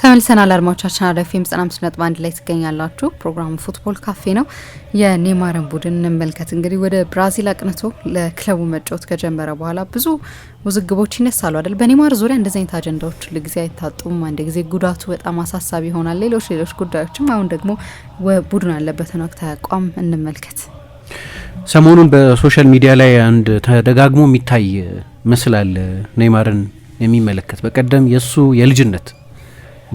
ተመልሰናል አድማጮቻችን፣ አራዳ ኤፍ ኤም ዘጠና አምስት ነጥብ አንድ ላይ ትገኛላችሁ። ፕሮግራሙ ፉትቦል ካፌ ነው። የኔማርን ቡድን እንመልከት። እንግዲህ ወደ ብራዚል አቅንቶ ለክለቡ መጫወት ከጀመረ በኋላ ብዙ ውዝግቦች ይነሳሉ አይደል? በኔማር ዙሪያ እንደዚህ አይነት አጀንዳዎች ለጊዜ አይታጡም። አንድ ጊዜ ጉዳቱ በጣም አሳሳቢ ይሆናል፣ ሌሎች ሌሎች ጉዳዮችም። አሁን ደግሞ ቡድኑ ያለበትን ወቅታዊ አቋም እንመልከት። ሰሞኑን በሶሻል ሚዲያ ላይ አንድ ተደጋግሞ የሚታይ ምስል አለ ኔማርን የሚመለከት በቀደም የእሱ የልጅነት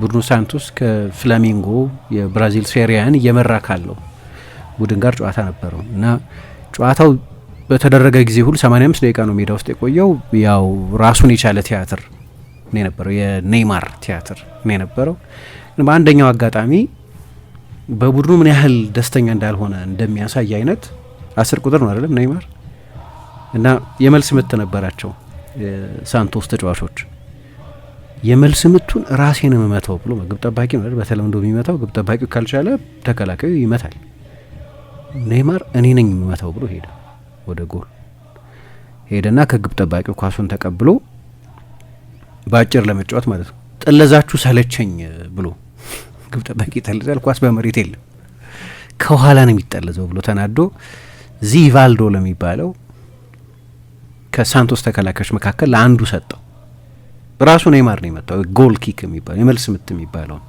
ቡድኑ ሳንቶስ ከፍላሚንጎ የብራዚል ሴሪያን እየመራ ካለው ቡድን ጋር ጨዋታ ነበረው እና ጨዋታው በተደረገ ጊዜ ሁሉ 85 ደቂቃ ነው ሜዳ ውስጥ የቆየው። ያው ራሱን የቻለ ቲያትር ነው የነበረው፣ የኔይማር ቲያትር ነው የነበረው። በአንደኛው አጋጣሚ በቡድኑ ምን ያህል ደስተኛ እንዳልሆነ እንደሚያሳይ አይነት አስር ቁጥር ነው አይደለም ኔይማር እና የመልስ ምት ነበራቸው ሳንቶስ ተጫዋቾች የመልስ ምቱን ራሴን የምመታው ብሎ ግብ ጠባቂ ነው በተለምዶ የሚመታው። ግብ ጠባቂ ካልቻለ ተከላካዩ ይመታል። ኔይማር እኔ ነኝ የምመታው ብሎ ሄደ። ወደ ጎል ሄደና ከግብ ጠባቂው ኳሱን ተቀብሎ በአጭር ለመጫወት ማለት ነው። ጥለዛችሁ ሰለቸኝ ብሎ ግብ ጠባቂ ይጠልዛል። ኳስ በመሬት የለም ከኋላ ነው የሚጠለዘው ብሎ ተናዶ ዚቫልዶ ለሚባለው ከሳንቶስ ተከላካዮች መካከል ለአንዱ ሰጠው። ራሱ ኔይማር ነው የመታው ጎል ኪክ የሚባለው የመልስ ምት የሚባለውን።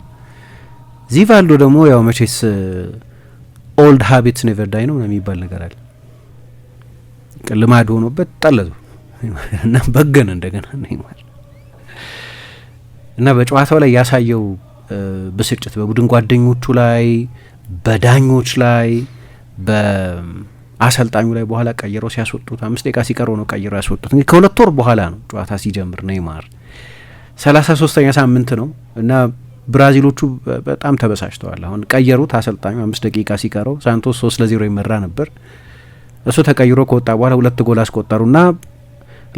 ዚቫልዶ ደግሞ ያው መቼስ ኦልድ ሀቢትስ ኔቨር ዳይ ነው የሚባል ነገር አለ። ልማድ ሆኖበት ጠለዙ እና በገን እንደገና ኔይማር እና በጨዋታው ላይ ያሳየው ብስጭት በቡድን ጓደኞቹ ላይ፣ በዳኞች ላይ በ አሰልጣኙ ላይ በኋላ ቀይረው ሲያስወጡት አምስት ደቂቃ ሲቀረው ነው ቀይረው ያስወጡት። እንግዲህ ከሁለት ወር በኋላ ነው ጨዋታ ሲጀምር ኔይማር ሰላሳ ሶስተኛ ሳምንት ነው እና ብራዚሎቹ በጣም ተበሳጭተዋል። አሁን ቀየሩት አሰልጣኙ አምስት ደቂቃ ሲቀረው። ሳንቶስ ሶስት ለዜሮ ይመራ ነበር። እሱ ተቀይሮ ከወጣ በኋላ ሁለት ጎል አስቆጠሩና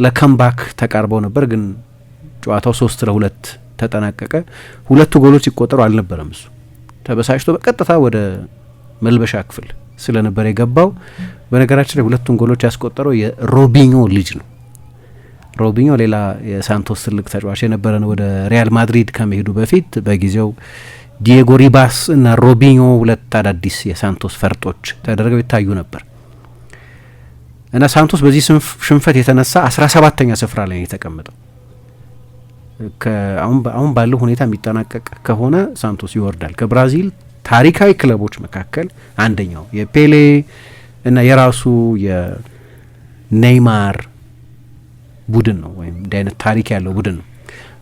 ለከምባክ ተቃርበው ነበር ግን ጨዋታው ሶስት ለሁለት ተጠናቀቀ። ሁለቱ ጎሎች ሲቆጠሩ አልነበረም እሱ ተበሳጭቶ በቀጥታ ወደ መልበሻ ክፍል ስለነበር የገባው። በነገራችን ላይ ሁለቱን ጎሎች ያስቆጠረው የሮቢኞ ልጅ ነው። ሮቢኞ ሌላ የሳንቶስ ትልቅ ተጫዋች የነበረ ነው። ወደ ሪያል ማድሪድ ከመሄዱ በፊት በጊዜው ዲየጎ ሪባስ እና ሮቢኞ ሁለት አዳዲስ የሳንቶስ ፈርጦች ተደርገው ይታዩ ነበር እና ሳንቶስ በዚህ ሽንፈት የተነሳ አስራ ሰባተኛ ስፍራ ላይ ነው የተቀመጠው። አሁን ባለው ሁኔታ የሚጠናቀቅ ከሆነ ሳንቶስ ይወርዳል ከብራዚል ታሪካዊ ክለቦች መካከል አንደኛው የፔሌ እና የራሱ የኔይማር ቡድን ነው፣ ወይም እንዲህ አይነት ታሪክ ያለው ቡድን ነው።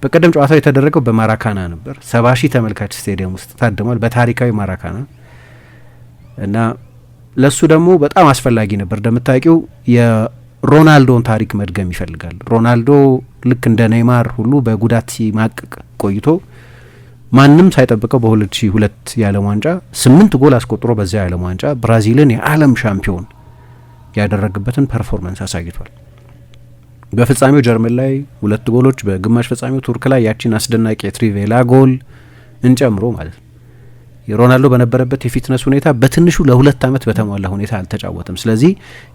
በቀደም ጨዋታው የተደረገው በማራካና ነበር። ሰባ ሺህ ተመልካች ስቴዲየም ውስጥ ታድሟል፣ በታሪካዊ ማራካና እና ለሱ ደግሞ በጣም አስፈላጊ ነበር። እንደምታውቂው የሮናልዶን ታሪክ መድገም ይፈልጋል። ሮናልዶ ልክ እንደ ኔይማር ሁሉ በጉዳት ሲማቅቅ ቆይቶ ማንም ሳይጠብቀው በ2002 የዓለም ዋንጫ ስምንት ጎል አስቆጥሮ በዚያ የዓለም ዋንጫ ብራዚልን የዓለም ሻምፒዮን ያደረግበትን ፐርፎርመንስ አሳይቷል። በፍጻሜው ጀርመን ላይ ሁለት ጎሎች፣ በግማሽ ፍጻሜው ቱርክ ላይ ያቺን አስደናቂ የትሪቬላ ጎል እንጨምሮ ማለት ነው። ሮናልዶ በነበረበት የፊትነስ ሁኔታ በትንሹ ለሁለት ዓመት በተሟላ ሁኔታ አልተጫወተም። ስለዚህ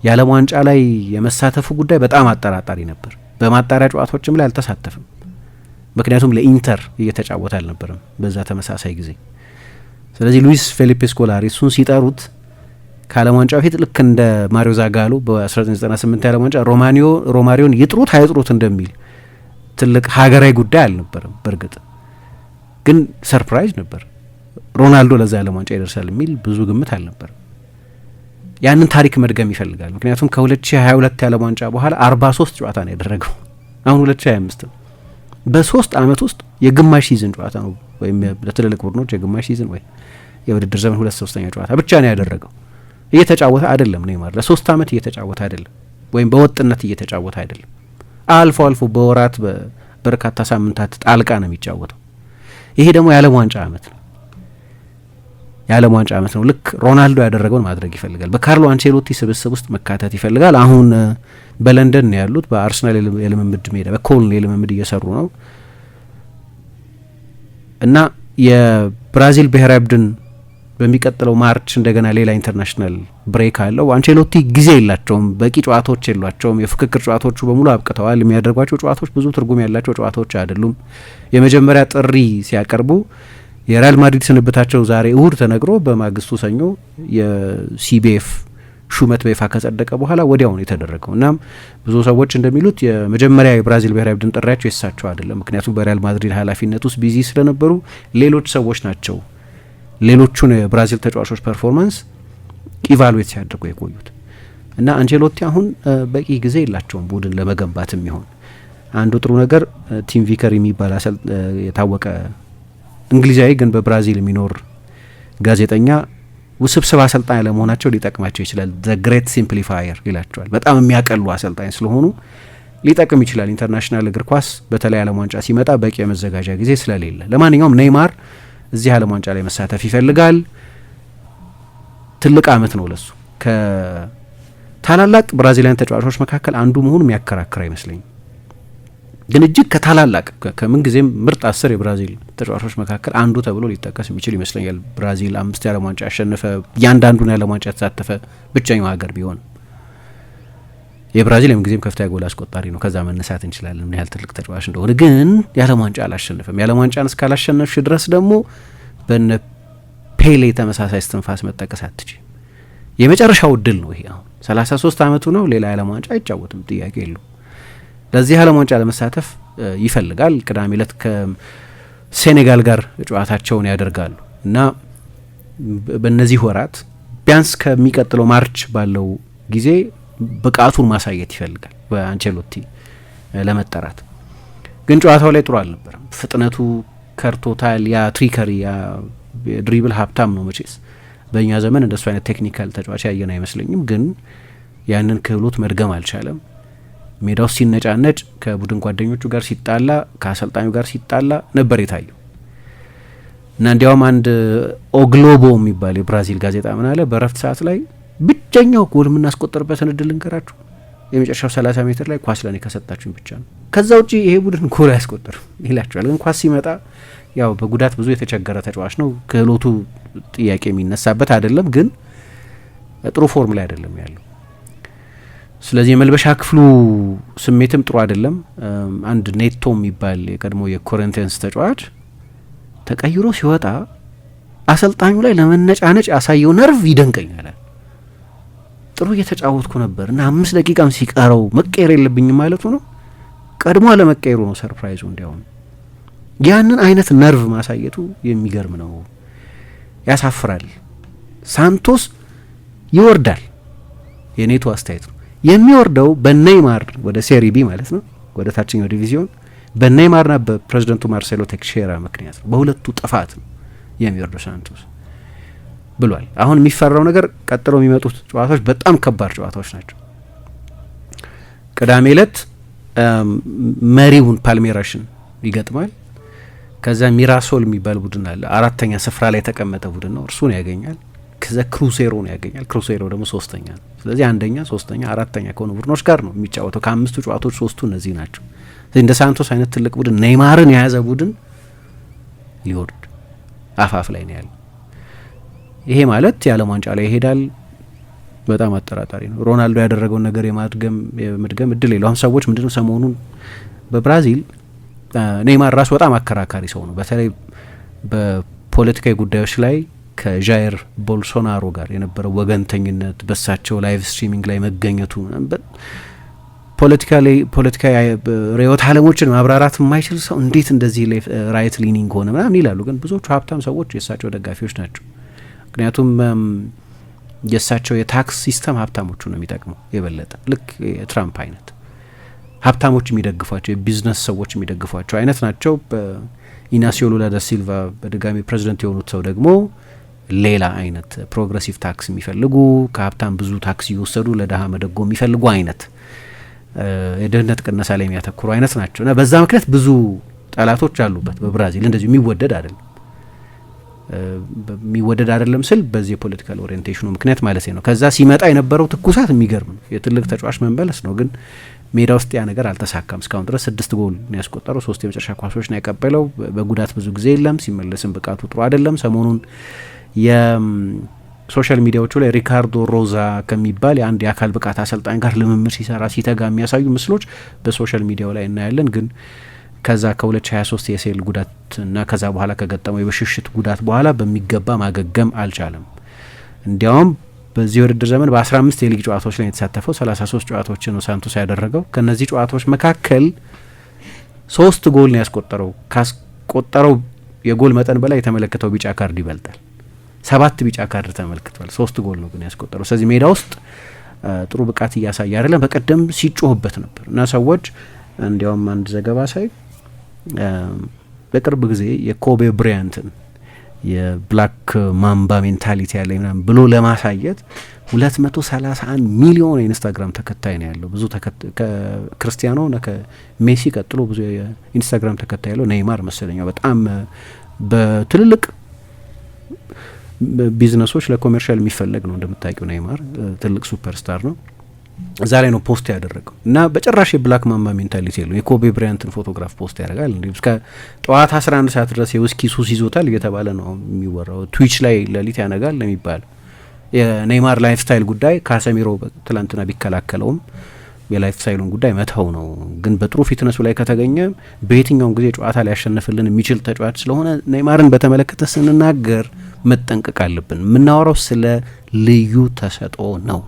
የዓለም ዋንጫ ላይ የመሳተፉ ጉዳይ በጣም አጠራጣሪ ነበር። በማጣሪያ ጨዋታዎችም ላይ አልተሳተፍም። ምክንያቱም ለኢንተር እየተጫወተ አልነበረም በዛ ተመሳሳይ ጊዜ። ስለዚህ ሉዊስ ፌሊፔ ስኮላሪ እሱን ሲጠሩት ከዓለም ዋንጫ በፊት ልክ እንደ ማሪዮ ዛጋሎ በ1998 የዓለም ዋንጫ ሮማኒዮ ሮማሪዮን ይጥሩት አይጥሩት እንደሚል ትልቅ ሀገራዊ ጉዳይ አልነበረም። በእርግጥ ግን ሰርፕራይዝ ነበር። ሮናልዶ ለዛ የዓለም ዋንጫ ይደርሳል የሚል ብዙ ግምት አልነበርም። ያንን ታሪክ መድገም ይፈልጋል። ምክንያቱም ከ2022 የዓለም ዋንጫ በኋላ 43 ጨዋታ ነው ያደረገው። አሁን 2025 ነው። በሶስት አመት ውስጥ የግማሽ ሲዝን ጨዋታ ነው ወይም ለትልልቅ ቡድኖች የግማሽ ሲዝን ወይ የውድድር ዘመን ሁለት ሶስተኛ ጨዋታ ብቻ ነው ያደረገው። እየተጫወተ አይደለም ኔይማር ለሶስት አመት እየተጫወተ አይደለም፣ ወይም በወጥነት እየተጫወተ አይደለም። አልፎ አልፎ በወራት በርካታ ሳምንታት ጣልቃ ነው የሚጫወተው። ይሄ ደግሞ የዓለም ዋንጫ አመት ነው። የዓለም ዋንጫ አመት ነው። ልክ ሮናልዶ ያደረገውን ማድረግ ይፈልጋል። በካርሎ አንቼሎቲ ስብስብ ውስጥ መካተት ይፈልጋል። አሁን በለንደን ነው ያሉት። በአርሰናል የልምምድ ሜዳ በኮልን የልምምድ እየሰሩ ነው እና የብራዚል ብሔራዊ ቡድን በሚቀጥለው ማርች እንደገና ሌላ ኢንተርናሽናል ብሬክ አለው። አንቸሎቲ ጊዜ የላቸውም፣ በቂ ጨዋታዎች የሏቸውም። የፍክክር ጨዋታዎቹ በሙሉ አብቅተዋል። የሚያደርጓቸው ጨዋታዎች ብዙ ትርጉም ያላቸው ጨዋታዎች አይደሉም። የመጀመሪያ ጥሪ ሲያቀርቡ የሪያል ማድሪድ ስንብታቸው ዛሬ እሁድ ተነግሮ በማግስቱ ሰኞ የሲቢኤፍ ሹመት በይፋ ከጸደቀ በኋላ ወዲያው ነው የተደረገው። እናም ብዙ ሰዎች እንደሚሉት የመጀመሪያ የብራዚል ብሔራዊ ቡድን ጥሪያቸው የሳቸው አይደለም። ምክንያቱም በሪያል ማድሪድ ኃላፊነት ውስጥ ቢዚ ስለነበሩ ሌሎች ሰዎች ናቸው ሌሎቹን የብራዚል ተጫዋቾች ፐርፎርማንስ ኢቫሉዌት ሲያደርጉ የቆዩት እና አንቸሎቲ አሁን በቂ ጊዜ የላቸውም ቡድን ለመገንባት የሚሆን አንዱ ጥሩ ነገር ቲም ቪከር የሚባል የታወቀ እንግሊዛዊ ግን በብራዚል የሚኖር ጋዜጠኛ ውስብስብ አሰልጣኝ አለመሆናቸው ሊጠቅማቸው ይችላል። ዘ ግሬት ሲምፕሊፋየር ይላቸዋል። በጣም የሚያቀሉ አሰልጣኝ ስለሆኑ ሊጠቅም ይችላል። ኢንተርናሽናል እግር ኳስ በተለይ ዓለም ዋንጫ ሲመጣ በቂ የመዘጋጃ ጊዜ ስለሌለ፣ ለማንኛውም ኔይማር እዚህ ዓለም ዋንጫ ላይ መሳተፍ ይፈልጋል። ትልቅ አመት ነው ለሱ። ከታላላቅ ብራዚሊያን ተጫዋቾች መካከል አንዱ መሆኑ የሚያከራክር አይመስለኝም። ግን እጅግ ከታላላቅ ከምንጊዜም ምርጥ አስር የብራዚል ተጫዋቾች መካከል አንዱ ተብሎ ሊጠቀስ የሚችል ይመስለኛል። ብራዚል አምስት የዓለም ዋንጫ ያሸነፈ እያንዳንዱን የዓለም ዋንጫ የተሳተፈ ብቸኛው ሀገር ቢሆን የብራዚል የምንጊዜም ከፍተኛ ጎል አስቆጣሪ ነው። ከዛ መነሳት እንችላለን ምን ያህል ትልቅ ተጫዋች እንደሆነ። ግን የዓለም ዋንጫ አላሸነፈም። የዓለም ዋንጫን እስካላሸነፍሽ ድረስ ደግሞ በነ ፔሌ ተመሳሳይ ስትንፋስ መጠቀስ አትች። የመጨረሻው እድል ነው ይሄ። አሁን 33 አመቱ ነው። ሌላ የዓለም ዋንጫ አይጫወትም፣ ጥያቄ የለውም። ለዚህ ዓለም ዋንጫ ለመሳተፍ ይፈልጋል። ቅዳሜ ዕለት ከሴኔጋል ጋር ጨዋታቸውን ያደርጋሉ እና በእነዚህ ወራት ቢያንስ ከሚቀጥለው ማርች ባለው ጊዜ ብቃቱን ማሳየት ይፈልጋል። በአንቸሎቲ ለመጠራት ግን ጨዋታው ላይ ጥሩ አልነበረም። ፍጥነቱ ከርቶታል። ያ ትሪከሪ ያ ድሪብል ሀብታም ነው መቼስ በእኛ ዘመን እንደሱ አይነት ቴክኒካል ተጫዋች ያየን አይመስለኝም። ግን ያንን ክህሎት መድገም አልቻለም። ሜዳ ውስጥ ሲነጫነጭ፣ ከቡድን ጓደኞቹ ጋር ሲጣላ፣ ከአሰልጣኙ ጋር ሲጣላ ነበር የታየው እና እንዲያውም አንድ ኦግሎቦ የሚባል የብራዚል ጋዜጣ ምን አለ፣ በረፍት ሰዓት ላይ ብቸኛው ጎል የምናስቆጠርበትን እድል ንገራችሁ የመጨረሻው 30 ሜትር ላይ ኳስ ለኔ ከሰጣችሁኝ ብቻ ነው። ከዛ ውጪ ይሄ ቡድን ጎል አያስቆጥርም ይላቸዋል። ግን ኳስ ሲመጣ ያው በጉዳት ብዙ የተቸገረ ተጫዋች ነው። ክህሎቱ ጥያቄ የሚነሳበት አይደለም፣ ግን ጥሩ ፎርም ላይ አይደለም ያለው ስለዚህ የመልበሻ ክፍሉ ስሜትም ጥሩ አይደለም። አንድ ኔቶ የሚባል የቀድሞ የኮሪንቲያንስ ተጫዋች ተቀይሮ ሲወጣ አሰልጣኙ ላይ ለመነጫነጭ ያሳየው ነርቭ ይደንቀኛል። ጥሩ እየተጫወትኩ ነበር እና አምስት ደቂቃም ሲቀረው መቀየር የለብኝም ማለቱ ነው። ቀድሞ አለመቀየሩ ነው ሰርፕራይዙ። እንዲያውም ያንን አይነት ነርቭ ማሳየቱ የሚገርም ነው፣ ያሳፍራል። ሳንቶስ ይወርዳል። የኔቶ አስተያየት ነው። የሚወርደው በነይማር ወደ ሴሪቢ ማለት ነው፣ ወደ ታችኛው ዲቪዚዮን በነይማርና በፕሬዚደንቱ ማርሴሎ ቴክሼራ ምክንያት ነው። በሁለቱ ጥፋት ነው የሚወርደው ሳንቶስ ብሏል። አሁን የሚፈራው ነገር ቀጥሎ የሚመጡት ጨዋታዎች በጣም ከባድ ጨዋታዎች ናቸው። ቅዳሜ ዕለት መሪውን ፓልሜራሽን ይገጥማል። ከዛ ሚራሶል የሚባል ቡድን አለ። አራተኛ ስፍራ ላይ የተቀመጠ ቡድን ነው። እርሱን ያገኛል። ከዛ ነው ያገኛል። ክሩሴሮ ደግሞ ሶስተኛ ነው። ስለዚህ አንደኛ፣ ሶስተኛ፣ አራተኛ ከሆኑ ቡድኖች ጋር ነው የሚጫወተው። ከአምስቱ ጨዋታዎች ሶስቱ እነዚህ ናቸው። እንደ ሳንቶስ አይነት ትልቅ ቡድን ኔይማርን የያዘ ቡድን ሊወርድ አፋፍ ላይ ነው ያለ። ይሄ ማለት የዓለም ዋንጫ ላይ ይሄዳል በጣም አጠራጣሪ ነው። ሮናልዶ ያደረገውን ነገር የማድገም የመድገም እድል የለውም። ሰዎች ምንድነው ሰሞኑን በብራዚል ኔይማር ራሱ በጣም አከራካሪ ሰው ነው። በተለይ በፖለቲካዊ ጉዳዮች ላይ ከጃይር ቦልሶናሮ ጋር የነበረው ወገንተኝነት በሳቸው ላይቭ ስትሪሚንግ ላይ መገኘቱ ፖለቲካ ርዕዮተ ዓለሞችን ማብራራት የማይችል ሰው እንዴት እንደዚህ ራይት ሊኒንግ ሆነ ምናምን ይላሉ። ግን ብዙዎቹ ሀብታም ሰዎች የእሳቸው ደጋፊዎች ናቸው። ምክንያቱም የእሳቸው የታክስ ሲስተም ሀብታሞቹ ነው የሚጠቅመው የበለጠ ልክ የትራምፕ አይነት ሀብታሞች የሚደግፏቸው የቢዝነስ ሰዎች የሚደግፏቸው አይነት ናቸው። ኢናሲዮ ሉላ ዳ ሲልቫ በድጋሚ ፕሬዚደንት የሆኑት ሰው ደግሞ ሌላ አይነት ፕሮግረሲቭ ታክስ የሚፈልጉ ከሀብታም ብዙ ታክስ እየወሰዱ ለድሀ መደጎ የሚፈልጉ አይነት የድህነት ቅነሳ ላይ የሚያተኩሩ አይነት ናቸው እና በዛ ምክንያት ብዙ ጠላቶች አሉበት። በብራዚል እንደዚሁ የሚወደድ አይደለም። የሚወደድ አይደለም ስል በዚህ የፖለቲካል ኦሪየንቴሽኑ ምክንያት ማለት ነው። ከዛ ሲመጣ የነበረው ትኩሳት የሚገርም ነው። የትልቅ ተጫዋች መመለስ ነው፣ ግን ሜዳ ውስጥ ያ ነገር አልተሳካም። እስካሁን ድረስ ስድስት ጎል ነው ያስቆጠረው፣ ሶስት የመጨረሻ ኳሶች ነው ያቀበለው። በጉዳት ብዙ ጊዜ የለም፣ ሲመለስም ብቃቱ ጥሩ አይደለም። ሰሞኑን የሶሻል ሚዲያዎቹ ላይ ሪካርዶ ሮዛ ከሚባል የአንድ የአካል ብቃት አሰልጣኝ ጋር ልምምድ ሲሰራ ሲተጋ የሚያሳዩ ምስሎች በሶሻል ሚዲያው ላይ እናያለን። ግን ከዛ ከ2023 የሴል ጉዳት እና ከዛ በኋላ ከገጠመው የብሽሽት ጉዳት በኋላ በሚገባ ማገገም አልቻለም። እንዲያውም በዚህ ውድድር ዘመን በ15 የሊግ ጨዋታዎች ላይ የተሳተፈው 33 ጨዋታዎችን ነው ሳንቶስ ያደረገው። ከእነዚህ ጨዋታዎች መካከል ሶስት ጎል ነው ያስቆጠረው። ካስቆጠረው የጎል መጠን በላይ የተመለከተው ቢጫ ካርድ ይበልጣል። ሰባት ቢጫ ካርድ ተመልክቷል። ሶስት ጎል ነው ግን ያስቆጠረው። ስለዚህ ሜዳ ውስጥ ጥሩ ብቃት እያሳየ አይደለም። በቀደም ሲጮህበት ነበር እና ሰዎች እንዲያውም አንድ ዘገባ ሳይ በቅርብ ጊዜ የኮቤ ብሪያንትን የብላክ ማምባ ሜንታሊቲ ያለ ምናምን ብሎ ለማሳየት ሁለት መቶ ሰላሳ አንድ ሚሊዮን የኢንስታግራም ተከታይ ነው ያለው። ብዙ ከክርስቲያኖ ና ከሜሲ ቀጥሎ ብዙ የኢንስታግራም ተከታይ ያለው ኔይማር መሰለኛው በጣም በትልልቅ ቢዝነሶች ለኮሜርሻል የሚፈለግ ነው። እንደምታውቂው ኔይማር ትልቅ ሱፐርስታር ነው። እዛ ላይ ነው ፖስት ያደረገው እና በጭራሽ የብላክ ማማ ሜንታሊቲ የለው። የኮቤ ብሪያንትን ፎቶግራፍ ፖስት ያደርጋል። እንዲሁም እስከ ጠዋት 11 ሰዓት ድረስ የውስኪ ሱስ ይዞታል እየተባለ ነው የሚወራው። ትዊች ላይ ለሊት ያነጋል የሚባለው የኔይማር ላይፍ ስታይል ጉዳይ ካሰሚሮ ትላንትና ቢከላከለውም የላይፍ ስታይሉን ጉዳይ መተው ነው። ግን በጥሩ ፊትነሱ ላይ ከተገኘ በየትኛውም ጊዜ ጨዋታ ሊያሸንፍልን የሚችል ተጫዋች ስለሆነ ኔይማርን በተመለከተ ስንናገር መጠንቀቅ አለብን። የምናወራው ስለ ልዩ ተሰጥኦ ነው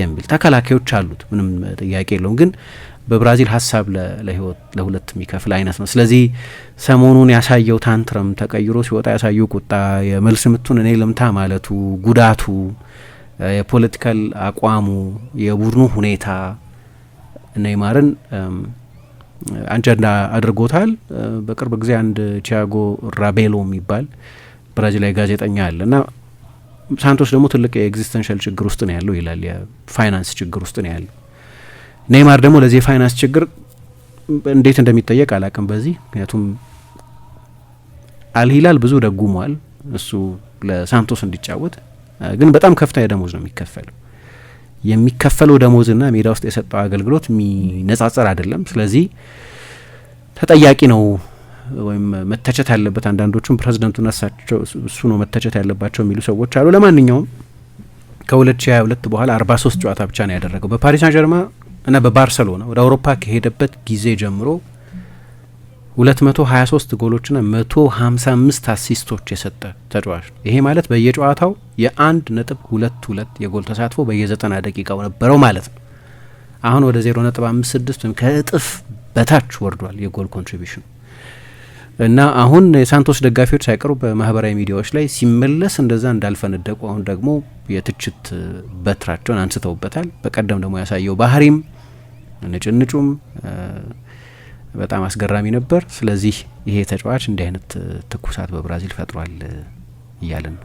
የሚል ተከላካዮች አሉት፣ ምንም ጥያቄ የለውም። ግን በብራዚል ሀሳብ ለህይወት ለሁለት የሚከፍል አይነት ነው። ስለዚህ ሰሞኑን ያሳየው ታንትረም ተቀይሮ ሲወጣ ያሳየው ቁጣ፣ የመልስ ምቱን እኔ ልምታ ማለቱ፣ ጉዳቱ የፖለቲካል አቋሙ፣ የቡድኑ ሁኔታ ኔይማርን አንጃንዳ አድርጎታል። በቅርብ ጊዜ አንድ ቲያጎ ራቤሎ የሚባል ብራዚላዊ ጋዜጠኛ አለ እና ሳንቶስ ደግሞ ትልቅ የኤግዚስተንሻል ችግር ውስጥ ነው ያለው ይላል። የፋይናንስ ችግር ውስጥ ነው ያለው። ኔይማር ደግሞ ለዚህ የፋይናንስ ችግር እንዴት እንደሚጠየቅ አላቅም በዚህ ምክንያቱም አልሂላል ብዙ ደጉሟል እሱ ለሳንቶስ እንዲጫወት ግን በጣም ከፍተኛ ደሞዝ ነው የሚከፈለው። የሚከፈለው ደሞዝና ሜዳ ውስጥ የሰጠው አገልግሎት የሚነጻጸር አይደለም። ስለዚህ ተጠያቂ ነው ወይም መተቸት ያለበት አንዳንዶቹም ፕሬዚደንቱና እሳቸው እሱ ነው መተቸት ያለባቸው የሚሉ ሰዎች አሉ። ለማንኛውም ከ2022 በኋላ 43 ጨዋታ ብቻ ነው ያደረገው በፓሪስ ሳን ጀርማ እና በባርሰሎና ወደ አውሮፓ ከሄደበት ጊዜ ጀምሮ 223 ጎሎችና 155 አሲስቶች የሰጠ ተጫዋች ነው። ይሄ ማለት በየጨዋታው የአንድ ነጥብ ሁለት ሁለት የጎል ተሳትፎ በየዘጠና 90 ደቂቃው ነበረው ማለት ነው። አሁን ወደ 0.56 ወይም ከእጥፍ በታች ወርዷል የጎል ኮንትሪቢሽኑ እና አሁን የሳንቶስ ደጋፊዎች ሳይቀሩ በማህበራዊ ሚዲያዎች ላይ ሲመለስ እንደዛ እንዳልፈነደቁ አሁን ደግሞ የትችት በትራቸውን አንስተውበታል። በቀደም ደግሞ ያሳየው ባህሪም ንጭንጩም በጣም አስገራሚ ነበር። ስለዚህ ይሄ ተጫዋች እንዲህ አይነት ትኩሳት በብራዚል ፈጥሯል እያለን ነው።